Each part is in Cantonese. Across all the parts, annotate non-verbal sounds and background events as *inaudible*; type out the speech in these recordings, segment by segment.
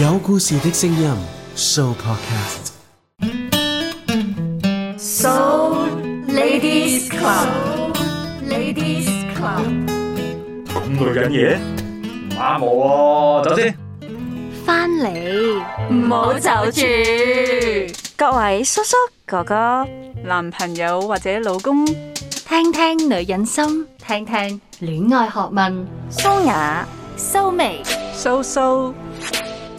有故事的聲音，So Podcast，So Ladies Club，Ladies Club，咁女人嘢唔啱我喎，走先。翻嚟唔好走住，各位叔叔、哥哥、男朋友或者老公，聽聽女人心，聽聽戀愛學問，蘇雅、蘇眉、蘇蘇。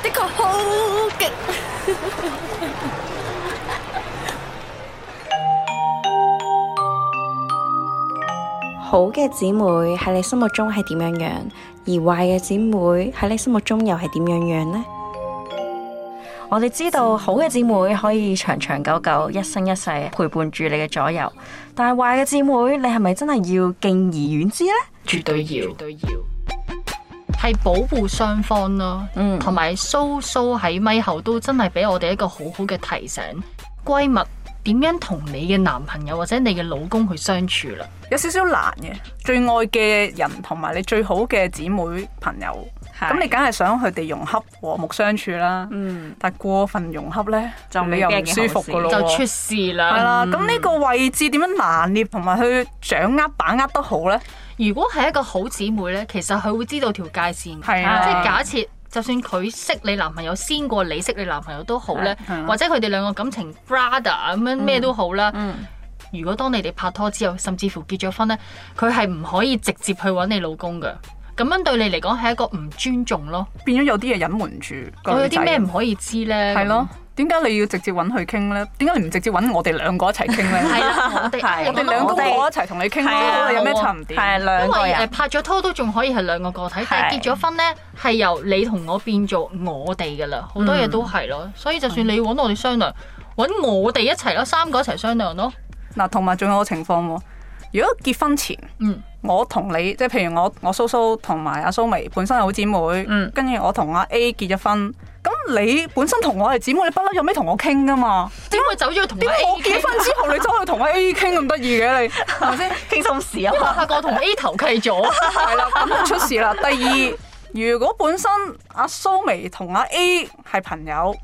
的 *laughs* 好嘅，好嘅，好嘅姊妹喺你心目中係點樣樣？而壞嘅姊妹喺你心目中又係點樣樣呢？我哋知道好嘅姊妹可以長長久久、一生一世陪伴住你嘅左右，但係壞嘅姊妹，你係咪真係要敬而遠之呢？絕對要，絕對要。係保護雙方咯，同埋蘇蘇喺咪後都真係俾我哋一個好好嘅提醒，閨蜜點樣同你嘅男朋友或者你嘅老公去相處啦？有少少難嘅，最愛嘅人同埋你最好嘅姊妹朋友，咁是你梗係想佢哋融洽和睦相處啦。嗯，但係過分融洽呢，就你又唔舒服噶咯，就出事啦。係啦，咁呢個位置點樣拿捏同埋去掌握把握得好呢？如果係一個好姊妹咧，其實佢會知道條界線嘅，啊、即係假設就算佢識你男朋友先過你識你男朋友都好咧，啊啊、或者佢哋兩個感情 brother 咁樣咩都好啦。嗯嗯、如果當你哋拍拖之後，甚至乎結咗婚咧，佢係唔可以直接去揾你老公嘅，咁樣對你嚟講係一個唔尊重咯，變咗有啲嘢隱瞞住。我有啲咩唔可以知咧？係咯、啊。點解你要直接揾佢傾咧？點解你唔直接揾我哋兩個一齊傾咧？係啦、 *laughs* 啊，係我哋兩公婆一齊同你傾咯，啊、你有咩差唔多？係兩、啊、個人拍咗拖都仲可以係兩個、啊、個個體，但係結咗婚咧係由你同我變做我哋噶啦，好多嘢都係咯。嗯、所以就算你要揾我哋商量，揾、嗯、我哋一齊咯，三個一齊商量咯。嗱，同埋仲有，仲有個情況，如果結婚前，嗯，我同你即係譬如我我蘇蘇同埋阿蘇眉本身係好姊妹，嗯、跟住我同阿 A 結咗婚。你本身同我係姊妹，你不嬲有咩同我傾噶嘛？點會走咗去同？點解我結婚之後你走去同阿 A 傾咁得意嘅你？係咪先？傾心事啊！下個同 A 投契咗，係啦，咁出事啦。第二，如果本身阿蘇眉同阿 A 係朋友，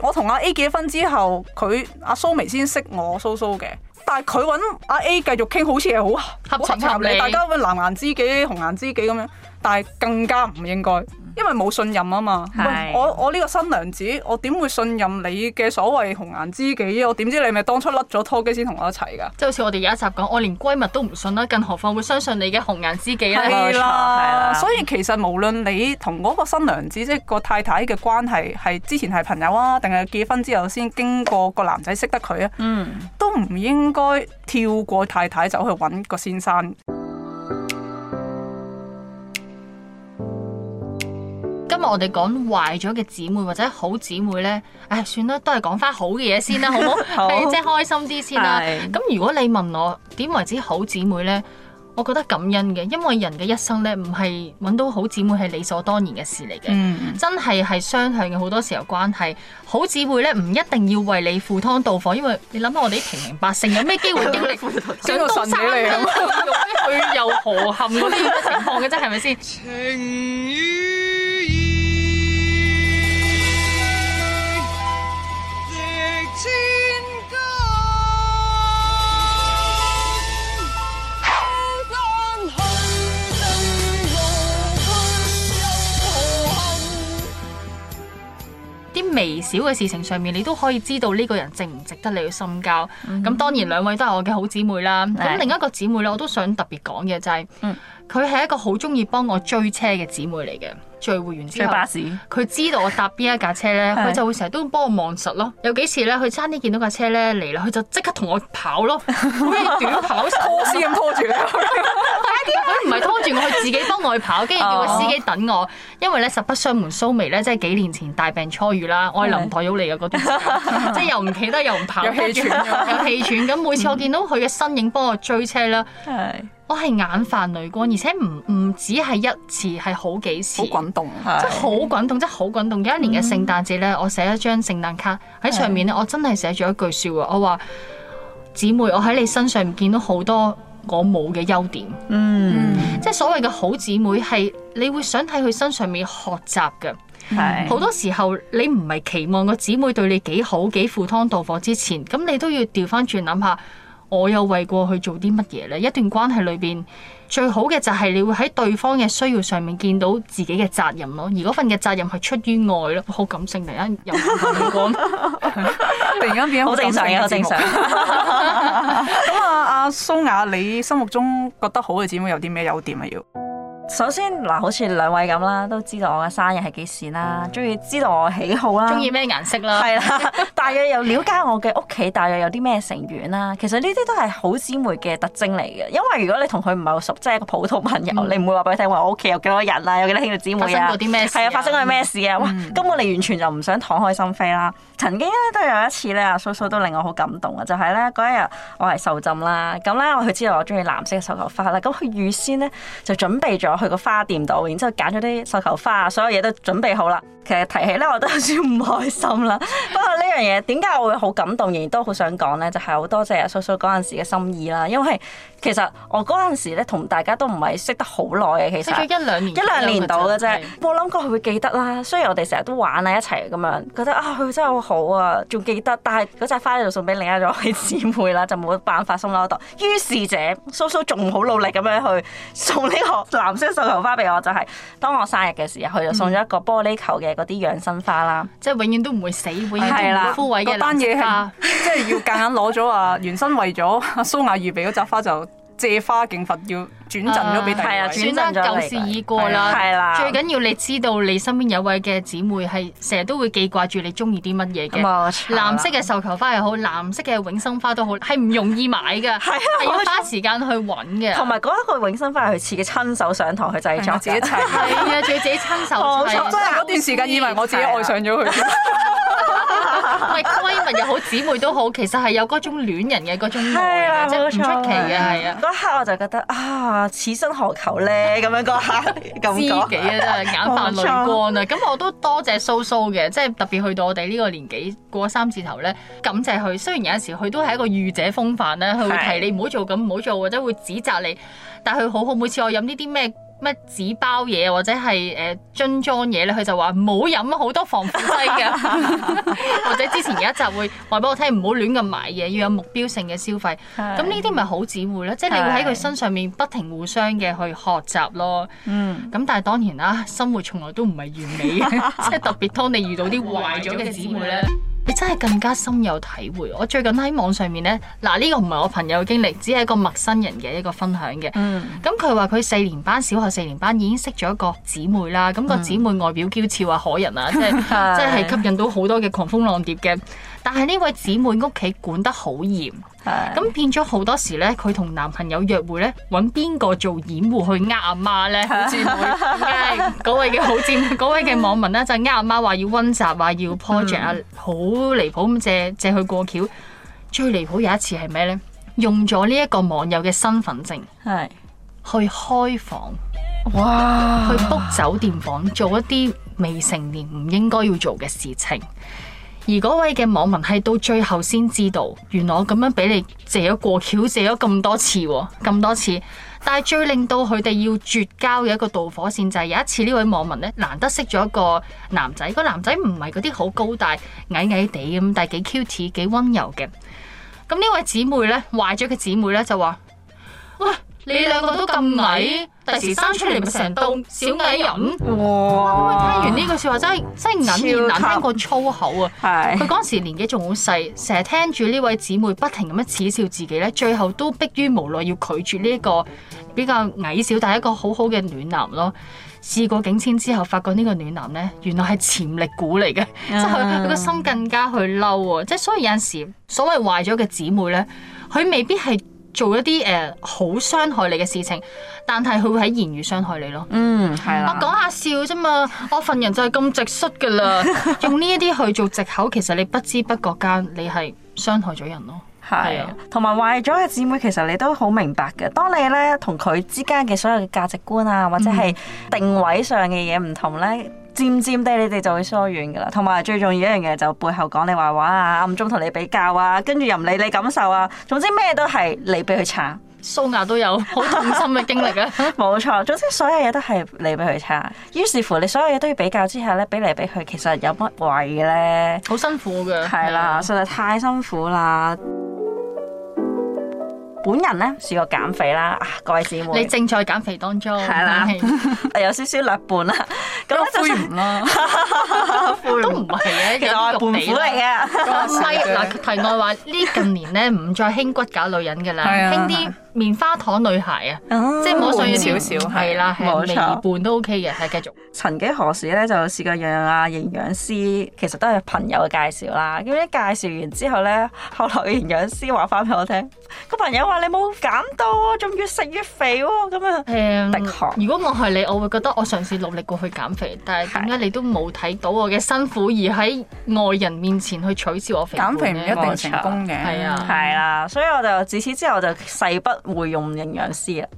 我同阿 A 結婚之後，佢阿蘇眉先識我蘇蘇嘅，但係佢搵阿 A 繼續傾，好似係好合情合理，大家藍顏知己、紅顏知己咁樣，但係更加唔應該。因為冇信任啊嘛，的我我呢個新娘子，我點會信任你嘅所謂紅顏知己？我點知你咪當初甩咗拖機先同我一齊㗎？即係好似我哋有一集講，我連閨蜜都唔信啦，更何況會相信你嘅紅顏知己啦、啊？的所以其實無論你同嗰個新娘子即係個太太嘅關係係之前係朋友啊，定係結婚之後先經過個男仔識得佢啊，嗯、都唔應該跳過太太走去揾個先生。今日我哋講壞咗嘅姊妹或者好姊妹咧，唉、哎，算啦，都係講翻好嘅嘢先啦，好唔好？ *laughs* 好，即係開心啲先啦、啊。咁是如果你問我點為之好姊妹咧，我覺得感恩嘅，因為人嘅一生咧，唔係搵到好姊妹係理所當然嘅事嚟嘅。嗯、真係係雙向嘅，好多時候關係好姊妹咧，唔一定要為你赴湯蹈火，因為你諗下我哋啲平民百姓有咩機會經歷？ *laughs* 想都差啦， *laughs* 用咩又何堪呢？情況嘅啫，係咪先？微小嘅事情上面，你都可以知道呢個人值唔值得你去深交。咁、mm hmm. 當然兩位都係我嘅好姊妹啦。咁、mm hmm. 另一個姊妹咧，我都想特別講嘅就係、是，佢係、mm hmm. 一個好鍾意幫我追車嘅姊妹嚟嘅。聚會完之後，佢知道我搭邊一架車咧，佢就會成日都幫我望實咯。有幾次咧，佢差啲見到架車咧嚟啦，佢就即刻同我跑咯，好似短跑拖絲咁拖住你。佢唔係拖住我，佢自己幫我去跑，跟住叫個司機等我。因為咧，實不相瞞蘇眉咧，即係幾年前大病初愈啦，我係林黛玉嚟嘅嗰段時間，即係又唔企得，又唔跑，又氣喘，又氣喘。咁每次我見到佢嘅身影幫我追車啦。係。我係眼泛淚光，而且唔唔只係一次，係好幾次，好滾動，即係好滾動，即係好滾動。有一年嘅聖誕節咧，嗯、我寫一張聖誕卡喺上面咧，是我真係寫咗一句說話，我話姊妹，我喺你身上見到好多我冇嘅優點，嗯，嗯，即係所謂嘅好姊妹係你會想喺佢身上面學習嘅，好、嗯嗯、多時候你唔係期望個姊妹對你幾好幾赴湯蹈火之前，咁你都要調翻轉諗下。我又為過去做啲乜嘢呢？一段關係裏邊最好嘅就係你會喺對方嘅需要上面見到自己嘅責任咯，而嗰份嘅責任係出於愛咯。好感性嚟，感性 *laughs* *laughs* 突然間，突然間變得好正常，好正常。咁啊，阿蘇雅，你心目中覺得好嘅姊妹有啲咩優點啊？要？首先嗱，好似兩位咁啦，都知道我嘅生日係幾時啦，中意、嗯、知道我喜好啦，中意咩顏色啦，係啦的， *laughs* 大約又了解我嘅屋企，大約有啲咩成員啦。 *laughs* 其實呢啲都係好姊妹嘅特徵嚟嘅，因為如果你同佢唔係好熟，即、就、係、是、一個普通朋友，嗯、你唔會話俾佢聽話我屋企有幾多人啦、啊，有幾多兄弟、啊、姊妹啊，發生啲咩事啊，發生過咩事啊？嗯、哇！根本你完全就唔想敞開心扉啦。曾經咧都有一次咧，阿蘇蘇都令我好感動嘅，就係咧嗰一日我係受浸啦，咁咧我佢知道我中意藍色嘅繡球花啦，咁佢預先咧就準備咗。去個花店度，然之後，揀咗啲繡球花，所有嘢都準備好啦。其實提起咧，我都有少少唔開心啦。 *laughs* 不過呢樣嘢點解我會好感動，仍然都好想講咧，就係好多謝阿蘇蘇嗰陣時嘅心意啦。因為其實我嗰陣時咧同大家都唔係識得好耐嘅，其實。識咗一兩年一兩年到嘅啫，冇諗的過佢會記得啦。雖然我哋成日都玩啊一齊咁樣，覺得啊佢真係好好啊，仲記得。但係嗰扎花就送俾另一位姊妹啦， *laughs* 就冇辦法收攏到。於是者，蘇蘇仲好努力咁樣去送呢個藍色繡球花俾我，就係、是、當我生日嘅時候，佢就送咗一個玻璃球嘅。 *laughs* *laughs* 嗰啲養生花啦，即係永遠都唔會死，永遠都唔會枯萎嘅花。 *laughs* 即係要夾硬攞咗啊， *laughs* 原身為咗阿蘇雅預備嗰扎花，就借花敬佛要。轉陣咗俾大家，轉陣就嚟。舊事已過啦，最緊要你知道你身邊有位嘅姊妹係成日都會記掛住你中意啲乜嘢嘅。藍色嘅繡球花又好，藍色嘅永生花都好，係唔容易買㗎，係要花時間去揾嘅。同埋講一個永生花係佢自己親手上堂去製作，自己砌。係啊，仲要自己親手砌。嗰段時間以為我自己愛上咗佢。唔係，閨蜜又好，姊妹都好，其實係有嗰種戀人嘅嗰種愛啊，即係唔出奇嘅係啊。嗰刻我就覺得啊～啊！此生何求咧？咁樣講下， *laughs* 知己啊，真係 *laughs* 眼泛淚光啊！咁沒錯 我都多謝蘇蘇嘅，即係特別去到我哋呢個年紀過三字頭咧，感謝佢。雖然有陣時佢都係一個御姐風範咧，佢會提你唔好做咁，唔好做，或者會指責你，但係佢好好。每次我飲呢啲咩？咩紙包嘢或者係誒樽裝嘢咧？佢、呃、就話唔好飲好多防腐劑㗎。 *laughs* *laughs* 或者之前有一集會話俾我聽，唔好亂咁買嘢，要有目標性嘅消費。咁呢啲咪好姊妹咧？的即係你會喺佢身上面不停互相嘅去學習咯。嗯。咁但係當然啦，生活從來都唔係完美嘅，即係 *laughs* *laughs* 特別當你遇到啲壞咗嘅姊妹咧。 *laughs* 你真係更加深有體會。我最近喺網上面呢，嗱呢，呢個唔係我朋友嘅經歷，只係一個陌生人嘅一個分享嘅。咁佢話佢四年班小學四年班已經識咗一個姊妹啦。咁，個姊妹外表嬌俏啊，可人啊，即係 *laughs* 是即係吸引到好多嘅狂蜂浪蝶嘅。但係呢位姊妹屋企管得好嚴，咁的變咗好多時呢，佢同男朋友約會呢，揾邊個做掩護去呃阿媽呢？嗰 *laughs* 位嘅好姊妹，嗰位嘅網民呢，就呃阿媽話要溫習，話要 project 啊、嗯，好離譜咁借借去過橋。最離譜有一次係咩呢？用咗呢一個網友嘅身份證，係去開房，的房哇！去 book 酒店房，做一啲未成年唔應該要做嘅事情。而嗰位嘅網民係到最後先知道，原來我咁樣俾你借咗過橋，借咗咁多次，哦，咁多次。但係最令到佢哋要絕交嘅一個導火綫就係有一次呢位網民呢，難得識咗一個男仔，個男仔唔係嗰啲好高大，矮矮地咁，但係幾 cute 幾溫柔嘅。咁呢位姊妹呢，壞咗嘅姊妹呢，就話，喂。」你兩個都咁矮，第時生出嚟咪成棟小矮人。哇！聽完呢句說話真係級真係難言難聽過粗口啊！佢嗰是時年紀仲好細，成日聽住呢位姊妹不停咁樣恥笑自己咧，最後都迫於無奈要拒絕呢一個比較矮小但係一個好好嘅暖男咯。試過境遷之後，發覺呢個暖男咧，原來係潛力股嚟嘅，嗯、即係佢個心更加去嬲啊！即係所以有陣時所謂壞咗嘅姊妹咧，佢未必係。做一啲誒好傷害你嘅事情，但係佢會喺言語傷害你咯。嗯，係啦。我講下笑啫嘛，我份人就係咁直率㗎啦。 *laughs* 用呢一啲去做藉口，其實你不知不覺間，你係傷害咗人咯。係啊的，同埋的壞咗嘅姊妹，其實你都好明白嘅。當你咧同佢之間嘅所有嘅價值觀啊，或者係定位上嘅嘢唔同咧。嗯嗯漸漸地，你哋就會疏遠噶啦。同埋最重要一樣嘢，就背後講你壞話啊，暗中同你比較啊，跟住又唔理你感受啊。總之咩都係你比佢差，蘇雅都有好痛心嘅經歷啊。冇 *laughs* *laughs* 錯，總之所有嘢都係你比佢差。 *laughs* 於是乎，你所有嘢都要比較之下咧，比嚟比去，其實有乜謂嘅咧？好辛苦嘅。係啦，實在太辛苦啦。 *music* 本人咧試過減肥啦、啊，各位姊妹，你正在減肥當中係啦，有少少略半。啦。咁灰唔咯， *laughs* 都唔係嘅，其實係肥佬嚟嘅，唔係嗱，題外話，呢近年咧唔再興骨搞女人嘅啦，興啲。棉花糖女孩啊，即係冇需要少少係啦，係微胖都 OK 嘅，係繼續。曾幾何時咧，就試過讓啊。營養師其實都係朋友嘅介紹啦。咁一介紹完之後咧，後來營養師話翻俾我聽，個朋友話你冇減到，仲越食越肥喎，咁啊。誒，如果我係你，我會覺得我嘗試努力過去減肥，但係點解你都冇睇到我嘅辛苦，而喺外人面前去取笑我肥嘅，減肥唔一定成功嘅，係啊，係啦，所以我就自此之後就勢不會用營養師啊？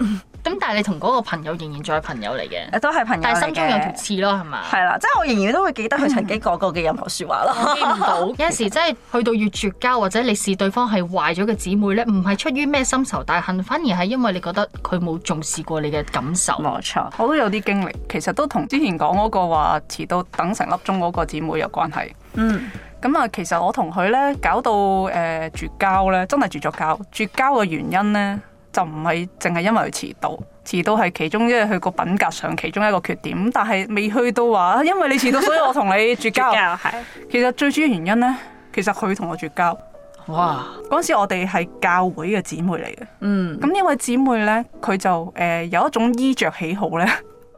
咁 *laughs* 但係你同嗰個朋友仍然仲係朋友嚟嘅，都係朋友嚟嘅。但係心中有條刺咯，係嘛 *laughs* 吧？係啦，即、就、係、是、我仍然都會記得佢、嗯、曾經講過嘅任何説話咯。我記 *laughs* 唔到 *laughs* 有時真係去到越絕交，或者你視對方係壞咗嘅姊妹咧，唔係出於咩深仇大恨，反而係因為你覺得佢冇重視過你嘅感受。冇錯，我都有啲經歷，其實都同之前講嗰個話遲到等成粒鐘嗰個姊妹有關係。嗯，咁啊，其實我同佢咧搞到誒、呃、絕交咧，真係絕咗交。絕交嘅原因咧。就唔係淨係因為佢遲到，遲到係其中，因為佢個品格上其中一個缺點，但係未去到話，因為你遲到，所以我同你絕交。係， *laughs* 其實最主要原因呢，其實佢同我絕交。哇！嗰時我哋係教會嘅姊妹嚟嘅。嗯。咁呢位姊妹呢，佢就誒、呃、有一種衣着喜好呢，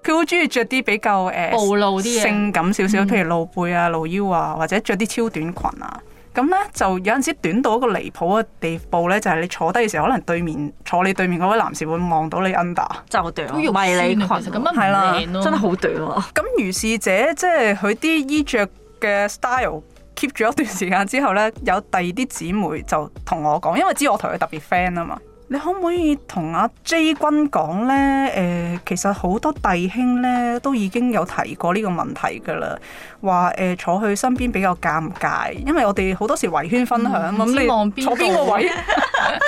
佢好中意着啲比較誒、呃、暴露啲性感少少，譬如露背啊、露腰啊，或者着啲超短裙啊。咁咧就有陣時短到一個離譜嘅地步咧，就係、是、你坐低嘅時候，可能對面坐你對面嗰位男士會望到你 under，就短迷你裙，啊，係啦、啊，的 *laughs* 真係好短喎。咁於 *laughs* 是者即係佢啲衣着嘅 style keep 住一段時間之後咧，有第二啲姊妹就同我講，因為知我同佢特別 friend 啊嘛。你可唔可以同阿 J 君講咧？誒，其實好多弟兄咧都已經有提過呢個問題㗎啦，話誒坐去身邊比較尷尬，因為我哋好多時圍圈分享咁、嗯、你坐邊坐個位？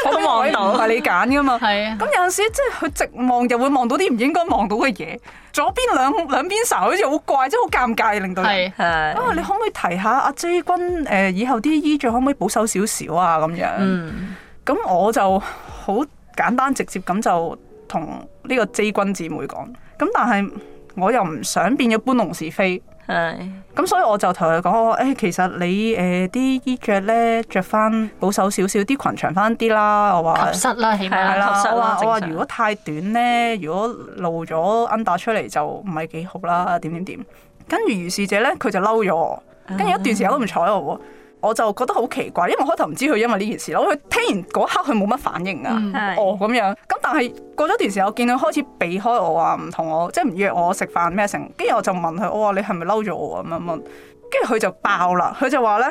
坐邊位度？係你揀㗎嘛？係啊。咁有陣時即係佢直望又會望到啲唔應該望到嘅嘢，左邊兩兩邊曬，好似好怪，即係好尷尬，令到係係。你。係你可唔可以提下阿 J 君誒？以後啲衣着可唔可以保守少少啊？咁樣。嗯。咁 size cash 我就。好簡單直接咁就同呢個 J 君姐妹講，咁但係我又唔想變咗搬弄是非，係的，咁所以我就同佢講，我、欸、其實你誒啲、呃、衣着咧着翻保守少少，啲裙長翻啲啦，我話，吸濕啦，起碼啦，啦我話說常我話如果太短咧，如果露咗 under 出嚟就唔係幾好啦，點點點，跟住如是者咧佢就嬲咗我，跟住一段時間都唔睬我。嗯我就覺得好奇怪，因為我開頭唔知佢因為呢件事咯。我佢聽完嗰刻佢冇乜反應啊，嗯、哦咁樣。咁但係過咗段時間，我見佢開始避開我啊，唔同我即係唔約我食飯咩成。跟住我就問佢，哦、是是我話你係咪嬲咗我啊？咁樣問，跟住佢就爆啦。佢就話咧，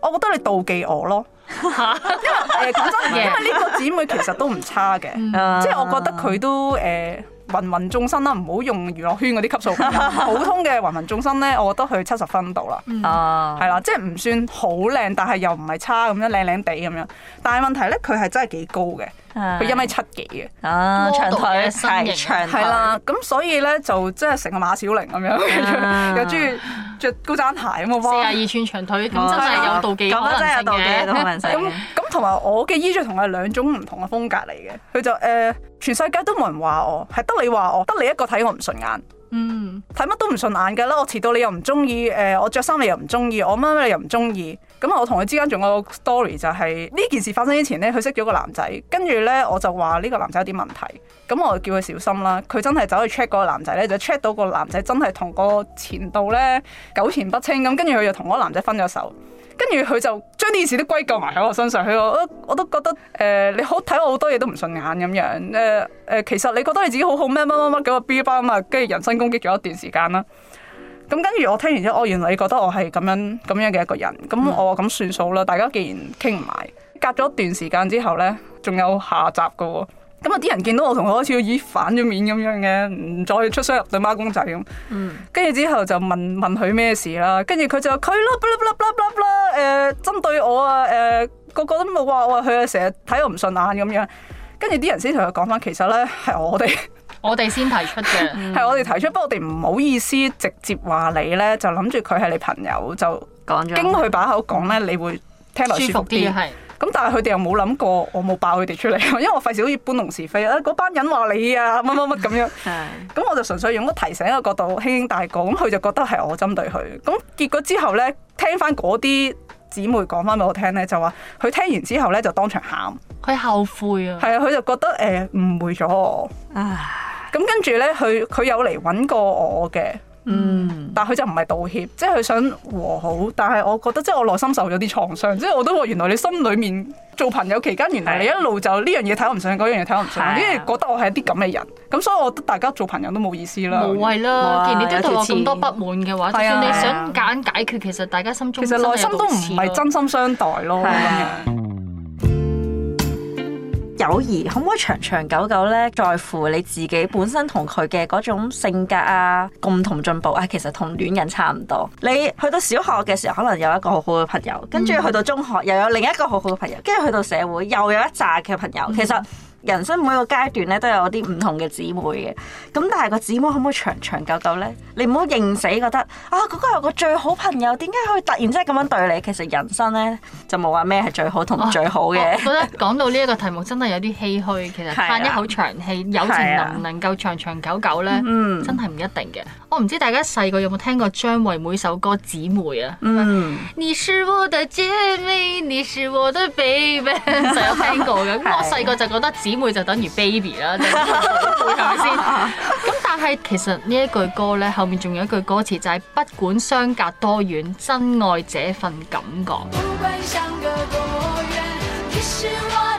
我覺得你妒忌我咯。 *laughs* 因為誒講真、呃，因為呢個姊妹其實都唔差嘅， *laughs* 嗯 uh、即係我覺得佢都誒。呃芸芸眾生啦，唔好用娛樂圈嗰啲級數。 *laughs* 普通嘅芸芸眾生呢，我覺得佢七十分度啦，係啦、 *laughs* 嗯，即係唔算好靚，但係又唔係差咁樣，靚靚地咁樣。但係問題呢，佢係真係幾高嘅。佢一米七幾嘅、啊腿啊，長腿身形，係啦是，咁腿所以咧就即係成個馬小玲咁樣，又中意着高踭鞋咁，四廿二寸長腿，咁、啊、真係有妒忌可能嘅。咁咁同埋我嘅衣着同佢係兩種唔同嘅風格嚟嘅，佢就誒、呃、全世界都冇人話我，係得你話我，得你一個睇我唔順眼。嗯，睇乜都唔順眼噶啦，我遲到你又唔中意，誒、呃、我着衫你又唔中意，我乜乜你又唔中意，咁我同佢之間仲有個 story 就係、是、呢件事發生之前咧，佢識咗個男仔，跟住呢，我就話呢個男仔有啲問題，咁我就叫佢小心啦，佢真係走去 check 嗰個男仔咧，就 check 到個男仔真係同個前度呢糾纏不清，咁跟住佢就同嗰個男仔分咗手。跟住佢就將啲事都歸咎埋喺我身上，佢話我都覺得誒、呃、你好睇我好多嘢都唔順眼咁樣，誒、呃、誒、呃、其實你覺得你自己好好咩？乜乜乜咁啊 B 包啊嘛，跟住人身攻擊咗一段時間啦。咁跟住我聽完之後，哦，原來你覺得我係咁樣咁樣嘅一個人，咁我話咁算數啦。大家既然傾唔埋，隔咗一段時間之後咧，仲有下集㗎喎、哦。咁啊！啲、嗯、人見到我同佢好似要以反咗面咁樣嘅，唔再出雙入對孖公仔咁。跟住之後就問問佢咩事啦。跟住佢就佢啦，blablabla，blablabla，誒針對我啊，誒、呃、個個都話我話佢啊，成日睇我唔順眼咁樣。跟住啲人先同佢講翻，其實咧係我哋， *laughs* *laughs* *laughs* 我哋先提出嘅，係我哋提出。不過我哋唔好意思直接話你咧，就諗住佢係你朋友就講咗。經佢把口講咧，你會聽落舒服啲。咁但係佢哋又冇諗過，我冇爆佢哋出嚟，因為我費事好似搬弄是非啊！嗰班人話你啊，乜乜乜咁樣。係。咁我就純粹用咗提醒嘅角度輕輕帶過，咁佢就覺得係我針對佢。咁結果之後呢，聽翻嗰啲姊妹講翻俾我聽呢，就話佢聽完之後呢，就當場喊，佢後悔啊。係啊，佢就覺得誒誤會咗我。唉。咁跟住呢，佢佢有嚟揾過我嘅。嗯，但佢就唔係道歉，即、就、係、是、佢想和好，但係我覺得即係、就是、我內心受咗啲創傷，即、就、係、是、我都話原來你心裏面做朋友期間，原來你一路就呢的樣嘢睇我唔上，嗰樣嘢睇我唔上，的因為覺得我係一啲咁嘅人，咁所以我覺得大家做朋友都冇意思的來啦，無謂啦。既然你都對我咁多不滿嘅話，就算你想揀解決，其實大家心中其實內心都唔係真心相待咯。的的 *laughs* 友誼可唔可以長長久久咧？在乎你自己本身同佢嘅嗰種性格啊，共同進步啊，其實同戀人差唔多。你去到小學嘅時候，可能有一個好好嘅朋友，跟住去到中學又有另一個好好嘅朋友，跟住去到社會又有一紮嘅朋友，其實。人生每個階段咧都有啲唔同嘅姊妹嘅，咁但係個姊妹可唔可以長長久久呢？你唔好認死覺得啊，嗰個係個最好朋友，點解可以突然之間咁樣對你？其實人生呢，就冇話咩係最好同唔最好嘅。我覺得講到呢一個題目真係有啲唏噓，其實。係。嘆一口長氣，友了情能唔能夠長長久久呢，了真係唔一定嘅。我唔知大家細個有冇聽過張惠妹首歌《姊妹》啊？嗯、你是我的姐妹，你是我的 baby。細 *laughs* *laughs* 有聽過嘅，我細個就覺得姊。就就等於 baby 啦，係咪先？咁 *laughs* 但係其實呢一句歌咧，後面仲有一句歌詞就係、是、 *laughs* 不管相隔多遠，珍愛這份感覺。不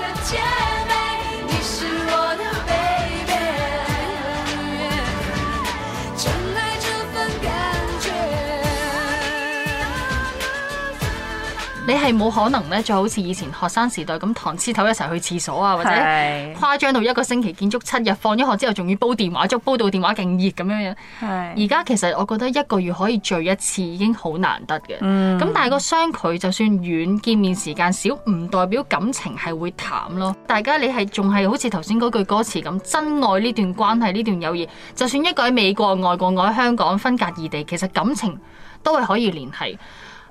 你係冇可能咧，就好似以前學生時代咁，糖黐頭一齊去廁所啊，或者誇張到一個星期見足七日，放咗學之後仲要煲電話粥，煲到電話勁熱咁樣樣。係。而家其實我覺得一個月可以聚一次已經好難得嘅。嗯。咁但係個相距就算遠，見面時間少，唔代表感情係會淡咯。大家你係仲係好似頭先嗰句歌詞咁，真愛呢段關係呢段友誼，就算一個喺美國外國，我喺香港分隔異地，其實感情都係可以聯繫。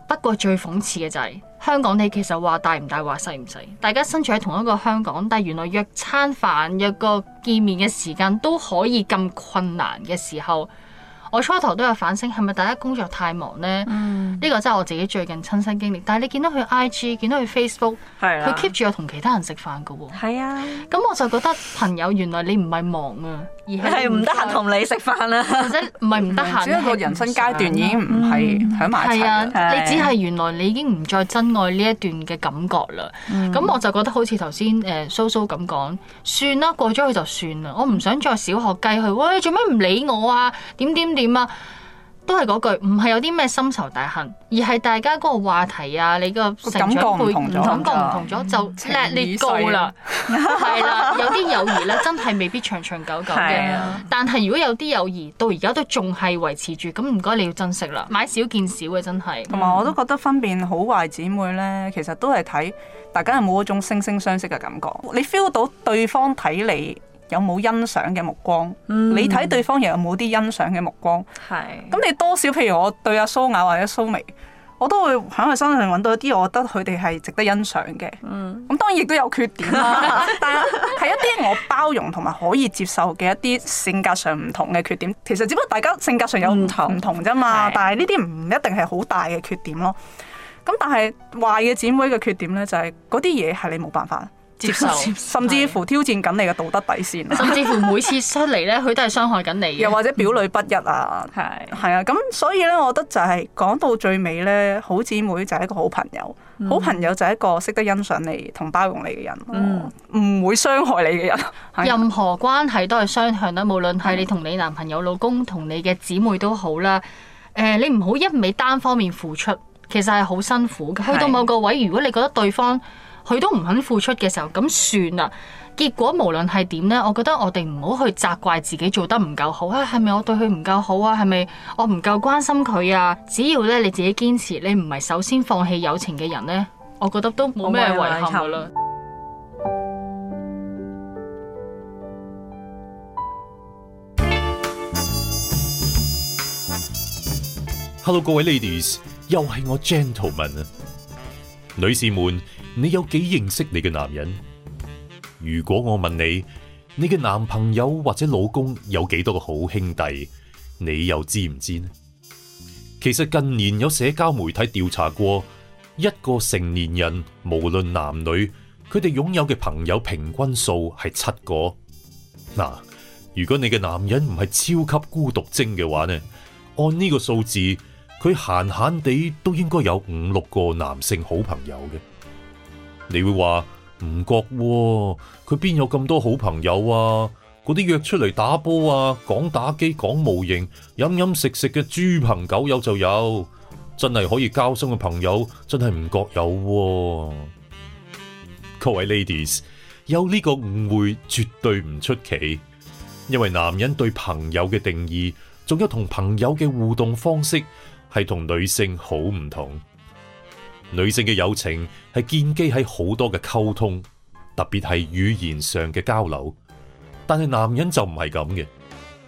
不過最諷刺嘅就係、是、香港地，其實話大唔大，話細唔細，大家身處喺同一個香港，但係原來約餐飯約個見面嘅時間都可以咁困難嘅時候。我初頭都有反省，係咪大家工作太忙呢？呢、嗯、個真係我自己最近親身經歷。但係你見到佢 I G，見到佢 Facebook，佢 keep 住有的同其他人食飯噶喎。係啊的，咁我就覺得朋友原來你唔係忙啊，而係唔得閒同你食飯啦，或者唔係唔得閒。主要一個人生階段已經唔係喺埋一齊。係啊，你只係原來你已經唔再珍愛呢一段嘅感覺啦。咁的的我就覺得好似頭先誒蘇蘇咁講，算啦，過咗去就算啦。我唔想再小學雞佢喂，做咩唔理我啊？點點點。點啊？都係嗰句，唔係有啲咩深仇大恨，而係大家嗰個話題啊，你個成長背景，感覺唔同咗就叻你高啦，係啦。 *laughs* 有啲友誼咧，真係未必長長久久嘅。 *laughs* 的但係如果有啲友誼到而家都仲係維持住，咁唔該你要珍惜啦。買少見少嘅，真係。同埋我都覺得分辨好壞姊妹呢，其實都係睇大家有冇嗰種惺惺相惜嘅感覺。你 feel 到對方睇你，有冇欣賞嘅目光？嗯、你睇對方又有冇啲欣賞嘅目光？係咁是，你多少譬如我對阿蘇雅或者蘇眉，我都會喺佢身上揾到一啲，我覺得佢哋係值得欣賞嘅。咁、嗯、當然亦都有缺點啦， *laughs* 但係一啲我包容同埋可以接受嘅一啲性格上唔同嘅缺點。其實只不過大家性格上有唔、嗯、同唔同啫嘛。是但係呢啲唔一定係好大嘅缺點咯。咁但係壞嘅姊妹嘅缺點呢、就係，就係嗰啲嘢係你冇辦法。接受，甚至乎挑戰緊你嘅道德底線， *laughs* 甚至乎每次出嚟呢，佢都係傷害緊你。又或者表裏不一啊，係係、嗯、啊，咁所以呢，我覺得就係、是、講到最尾呢，好姊妹就係一個好朋友，嗯、好朋友就係一個識得欣賞你同包容你嘅人，唔、嗯、會傷害你嘅人。啊、任何關係都係雙向啦，無論係你同你男朋友、老公同你嘅姊妹都好啦、呃。你唔好一味單方面付出，其實係好辛苦嘅。去到某個位，如果你覺得對方，佢都唔肯付出嘅時候，咁算啦。結果無論係點呢，我覺得我哋唔好去責怪自己做得唔夠好啊。哎，好啊。係咪我對佢唔夠好啊？係咪我唔夠關心佢啊？只要咧你自己堅持，你唔係首先放棄友情嘅人呢，我覺得都冇咩遺憾咯。Hello，各位 ladies，又係我 gentleman 啊，女士們。你有幾認識你嘅男人？如果我問你，你嘅男朋友或者老公有幾多個好兄弟？你又知唔知呢？其實近年有社交媒體調查過，一個成年人無論男女，佢哋擁有嘅朋友平均數係七個。嗱、啊，如果你嘅男人唔係超級孤獨精嘅話呢，按呢個數字，佢閒閒地都應該有五六個男性好朋友嘅。你會話唔覺喎？佢邊有咁多好朋友啊？嗰啲約出嚟打波啊，講打機、講模型、飲飲食食嘅豬朋狗友就有，真係可以交心嘅朋友，真係唔覺有喎。各位 ladies 有呢個誤會絕對唔出奇，因為男人對朋友嘅定義，仲有同朋友嘅互動方式係同女性好唔同。女性嘅友情係建基喺好多嘅溝通，特別係語言上嘅交流。但係男人就唔係咁嘅。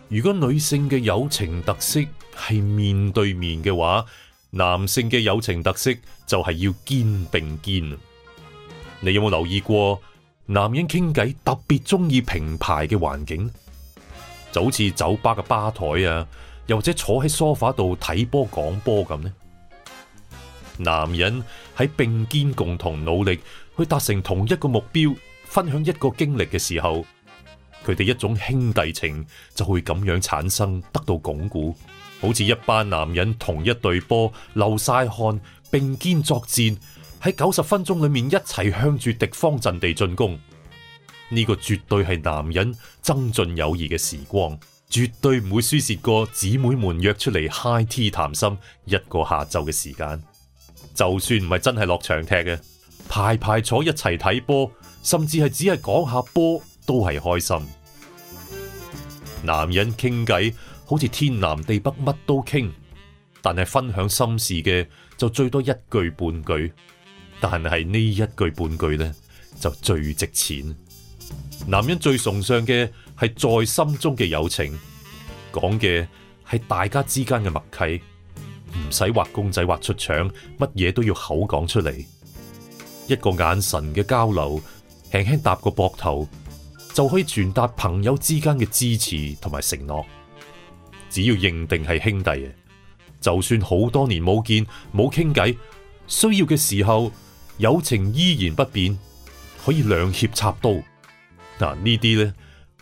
如果女性嘅友情特色係面對面嘅話，男性嘅友情特色就係要肩並肩。你有冇留意過，男人傾偈特別中意平排嘅環境？就好似酒吧嘅吧台啊，又或者坐喺梳化度睇波講波咁呢？男人喺並肩共同努力去達成同一個目標，分享一個經歷嘅時候，佢哋一種兄弟情就會咁樣產生，得到鞏固。好似一班男人同一隊波流晒汗並肩作戰，喺九十分鐘裏面一齊向住敵方陣地進攻。呢個絕對係男人增進友誼嘅時光，絕對唔會輸蝕過姊妹們約出嚟 high tea 談心一個下晝嘅時間。就算唔係真係落場踢嘅，排排坐一齊睇波，甚至係只係講下波都係開心。男人傾偈好似天南地北乜都傾，但係分享心事嘅就最多一句半句。但係呢一句半句呢，就最值錢。男人最崇尚嘅係在心中嘅友情，講嘅係大家之間嘅默契。唔使畫公仔畫出腸，乜嘢都要口講出嚟。一個眼神嘅交流，輕輕搭個膊頭，就可以傳達朋友之間嘅支持同埋承諾。只要認定係兄弟，就算好多年冇見冇傾偈，需要嘅時候，友情依然不變，可以兩脅插刀。嗱，呢啲呢，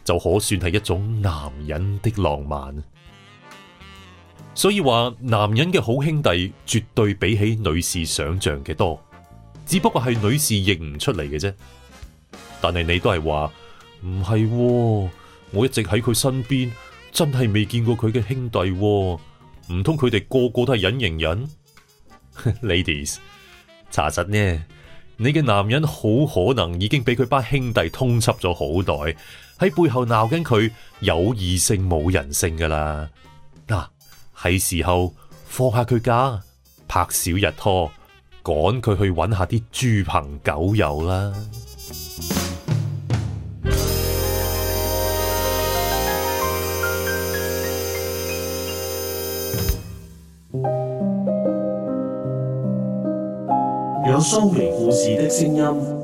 就可算係一種男人的浪漫。所以話男人嘅好兄弟絕對比起女士想象嘅多，只不過係女士認唔出嚟嘅啫。但係你都係話唔係，我一直喺佢身邊，真係未見過佢嘅兄弟喎，唔通佢哋個個都係隱形人 *laughs* ？Ladies，查實呢，你嘅男人好可能已經俾佢班兄弟通緝咗好耐，喺背後鬧緊佢有異性冇人性噶啦。係時候放下佢家，拍小日拖，趕佢去揾下啲豬朋狗友啦！有收尾故事嘅聲音。